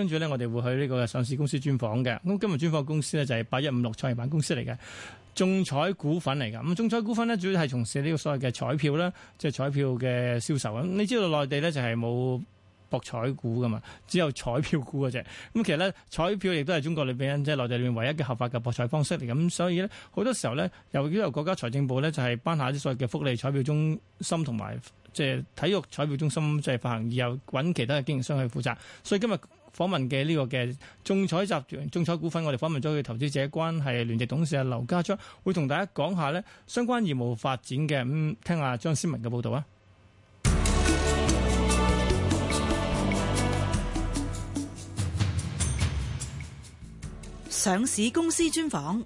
跟住咧，我哋會去呢個上市公司專訪嘅。咁今日專訪公司咧就係八一五六創業板公司嚟嘅眾彩股份嚟嘅。咁眾彩股份咧主要係從事呢個所謂嘅彩票啦，即係彩票嘅銷售。你知道內地咧就係、是、冇博彩股噶嘛，只有彩票股嘅啫。咁其實咧，彩票亦都係中國裏面，即係內地裏面唯一嘅合法嘅博彩方式嚟。咁所以咧，好多時候咧，由於由國家財政部咧就係、是、旗下啲所謂嘅福利彩票中心同埋即係體育彩票中心即係、就是、發行，而後搵其他嘅經營商去負責。所以今日，訪問嘅呢個嘅眾彩集團、眾彩股份，我哋訪問咗佢投資者關係聯席董事劉家璋，會同大家講下呢相關業務發展嘅，咁，聽下張思文嘅報導啊！上市公司專訪，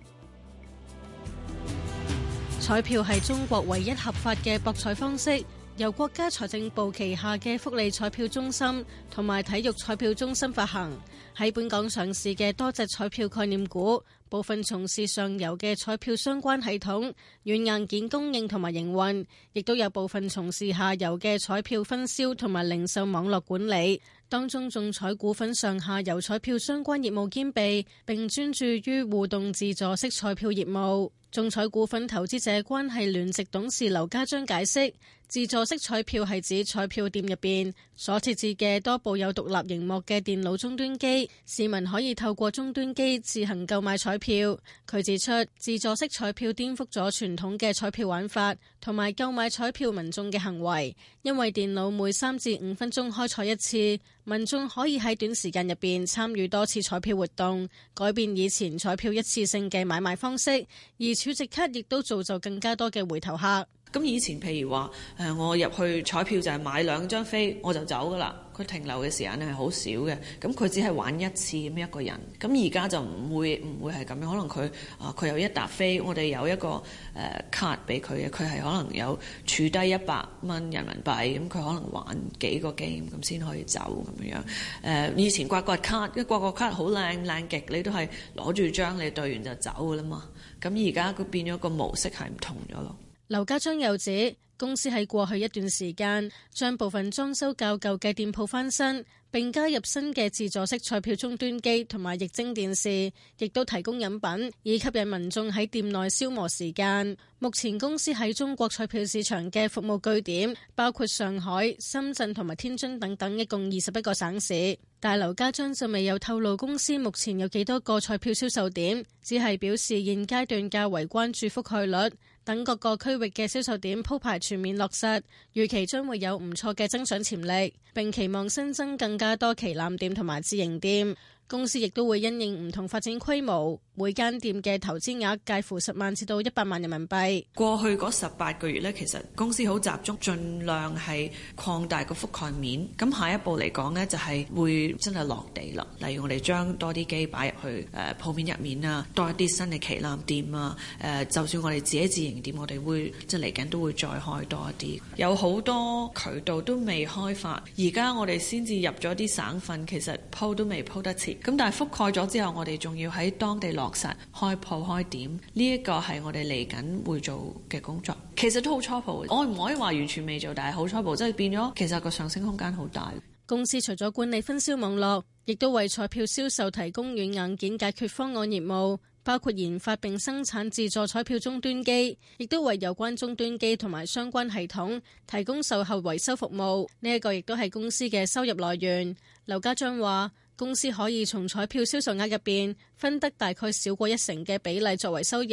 彩票係中國唯一合法嘅博彩方式。由國家財政部旗下嘅福利彩票中心同埋體育彩票中心發行，喺本港上市嘅多隻彩票概念股，部分從事上游嘅彩票相關系統、軟硬件供應同埋營運，亦都有部分從事下游嘅彩票分銷同埋零售網絡管理。當中，眾彩股份上下游彩票相關業務兼備，並專注於互動自助式彩票業務。眾彩股份投資者關係聯席董事劉家璋解釋。自助式彩票係指彩票店入邊所設置嘅多部有獨立熒幕嘅電腦終端機，市民可以透過終端機自行購買彩票。佢指出，自助式彩票顛覆咗傳統嘅彩票玩法同埋購買彩票民眾嘅行為，因為電腦每三至五分鐘開彩一次，民眾可以喺短時間入邊參與多次彩票活動，改變以前彩票一次性嘅買賣方式，而儲值卡亦都造就更加多嘅回頭客。咁以前，譬如話呃，我入去彩票就係買兩張飛，我就走㗎啦。佢停留嘅時間係好少嘅，咁佢只係玩一次咁一個人。咁而家就唔會唔會係咁樣，可能佢啊佢有一沓飛，我哋有一個、呃、卡 card 俾佢嘅，佢係可能有儲低一百蚊人民幣，咁佢可能玩幾個 game 咁先可以走咁樣樣、呃、以前刮刮卡，一刮刮卡好靚靚極，你都係攞住張你兌完就走㗎啦嘛。咁而家佢變咗個模式係唔同咗咯。劉家璋又指，公司喺過去一段時間將部分裝修較舊嘅店鋪翻新，並加入新嘅自助式彩票終端機同埋液晶電視，亦都提供飲品，以吸引民眾喺店內消磨時間。目前公司喺中國彩票市場嘅服務據點包括上海、深圳同埋天津等等，一共二十一個省市。但劉家璋就未有透露公司目前有幾多個彩票銷售點，只係表示現階段較為關注覆蓋率。等各個區域嘅銷售點鋪排全面落實，預期將會有唔錯嘅增長潛力，並期望新增更加多旗艦店同埋自營店。公司亦都會因應唔同發展規模，每間店嘅投資額介乎十萬至到一百萬人民幣。過去嗰十八個月咧，其實公司好集中，盡量係擴大個覆蓋面。咁下一步嚟講咧，就係會真係落地啦。例如我哋將多啲機擺入。去誒鋪面入面啊，多一啲新嘅旗艦店啊，誒、呃、就算我哋自己自營店，我哋會即係嚟緊都會再開多一啲。有好多渠道都未開發，而家我哋先至入咗啲省份，其實鋪都未鋪得切。咁但係覆蓋咗之後，我哋仲要喺當地落實開鋪開店，呢一個係我哋嚟緊會做嘅工作。其實都好初步，我唔可以話完全未做，但係好初步，真係變咗。其實個上升空間好大。公司除咗管理分銷網絡。亦都為彩票銷售提供軟硬件解決方案業務，包括研發並生產自助彩票終端機，亦都為有關終端機同埋相關系統提供售後維修服務。呢、這、一個亦都係公司嘅收入來源。劉家璋話。公司可以從彩票銷售額入邊分得大概少過一成嘅比例作為收入，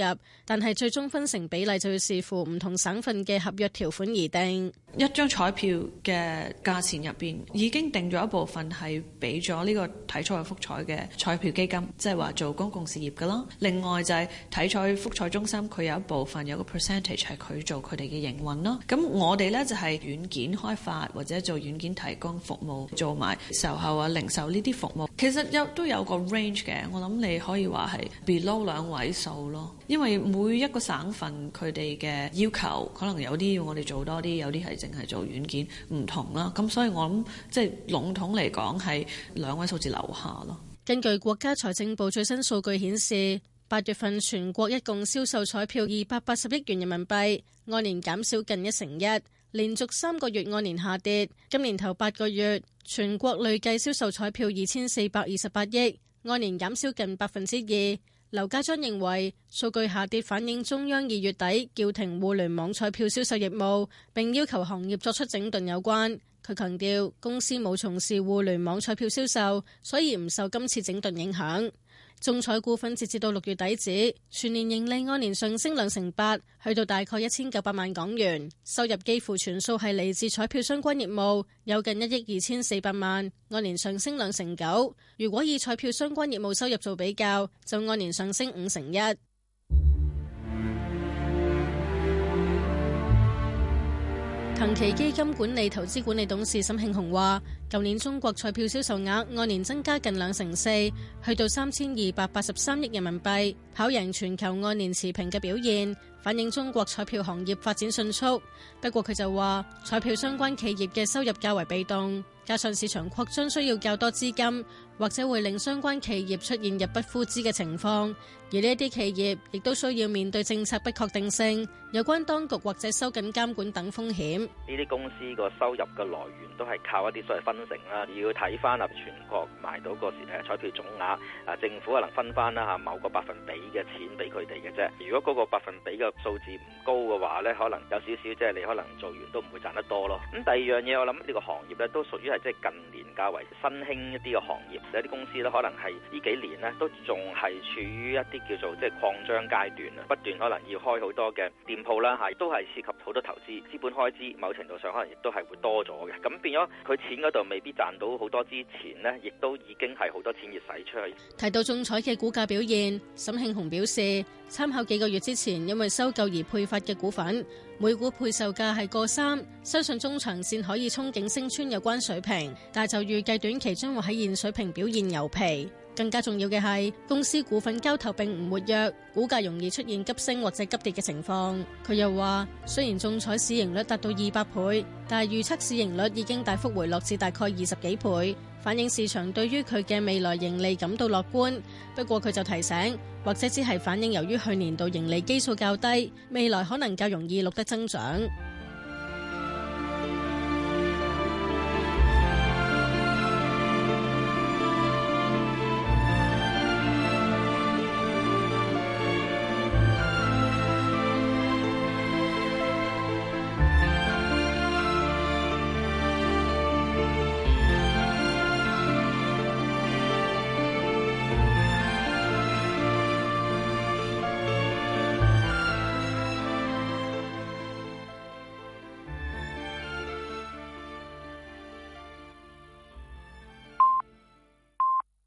但係最終分成比例就要視乎唔同省份嘅合約條款而定。一張彩票嘅價錢入邊已經定咗一部分係俾咗呢個體彩福彩嘅彩票基金，即係話做公共事業噶啦。另外就係體彩福彩中心，佢有一部分有個 percentage 係佢做佢哋嘅營運啦，咁我哋咧就係軟件開發或者做軟件提供服務，做埋售後啊、零售呢啲服務。其實有都有個 range 嘅，我諗你可以話係 below 兩位數咯，因為每一個省份佢哋嘅要求，可能有啲要我哋做多啲，有啲係淨係做軟件唔同啦。咁所以我諗即係籠統嚟講係兩位數字樓下咯。根據國家財政部最新數據顯示，八月份全國一共銷售彩票二百八十億元人民幣，按年減少近一成一。連續三個月按年下跌，今年頭八個月全國累計銷售彩票二千四百二十八億，按年減少近百分之二。劉家璋認為數據下跌反映中央二月底叫停互聯網彩票銷售業務，並要求行業作出整頓有關。佢強調公司冇從事互聯網彩票銷售，所以唔受今次整頓影響。眾彩股份截至到六月底止，全年盈利按年上升兩成八，去到大概一千九百萬港元。收入幾乎全數係嚟自彩票相關業務，有近一億二千四百萬，按年上升兩成九。如果以彩票相關業務收入做比較，就按年上升五成一。恒企基金管理投資管理董事沈慶雄話，舊年中國彩票銷售額按年增加近兩成四，去到三千二百八十三億人民幣，跑贏全球按年持平嘅表現，反映中國彩票行業發展迅速。不過佢就話，彩票相關企業嘅收入較為被動。加上市場擴張需要較多資金，或者會令相關企業出現入不敷支嘅情況，而呢一啲企業亦都需要面對政策不確定性、有關當局或者收緊監管等風險。呢啲公司個收入嘅來源都係靠一啲所謂分成啦，要睇翻啊全國買到個時誒彩票總額啊，政府可能分翻啦吓某個百分比嘅錢俾佢哋嘅啫。如果嗰個百分比嘅數字唔高嘅話呢可能有少少即係你可能做完都唔會賺得多咯。咁第二樣嘢，我諗呢個行業咧都屬於係。即係近年較為新興一啲嘅行業，有啲公司咧可能係呢幾年咧都仲係處於一啲叫做即係擴張階段啊，不斷可能要開好多嘅店鋪啦，係都係涉及好多投資資本開支，某程度上可能亦都係會多咗嘅。咁變咗佢錢嗰度未必賺到好多，之前呢亦都已經係好多錢要使出去。提到眾彩嘅股價表現，沈慶雄表示，參考幾個月之前因為收購而配發嘅股份，每股配售價係過三，相信中長線可以憧憬升穿有關水。平，但係就預計短期將會喺現水平表現牛皮。更加重要嘅係，公司股份交投並唔活躍，股價容易出現急升或者急跌嘅情況。佢又話，雖然眾彩市盈率達到二百倍，但係預測市盈率已經大幅回落至大概二十幾倍，反映市場對於佢嘅未來盈利感到樂觀。不過佢就提醒，或者只係反映由於去年度盈利基數較低，未來可能較容易錄得增長。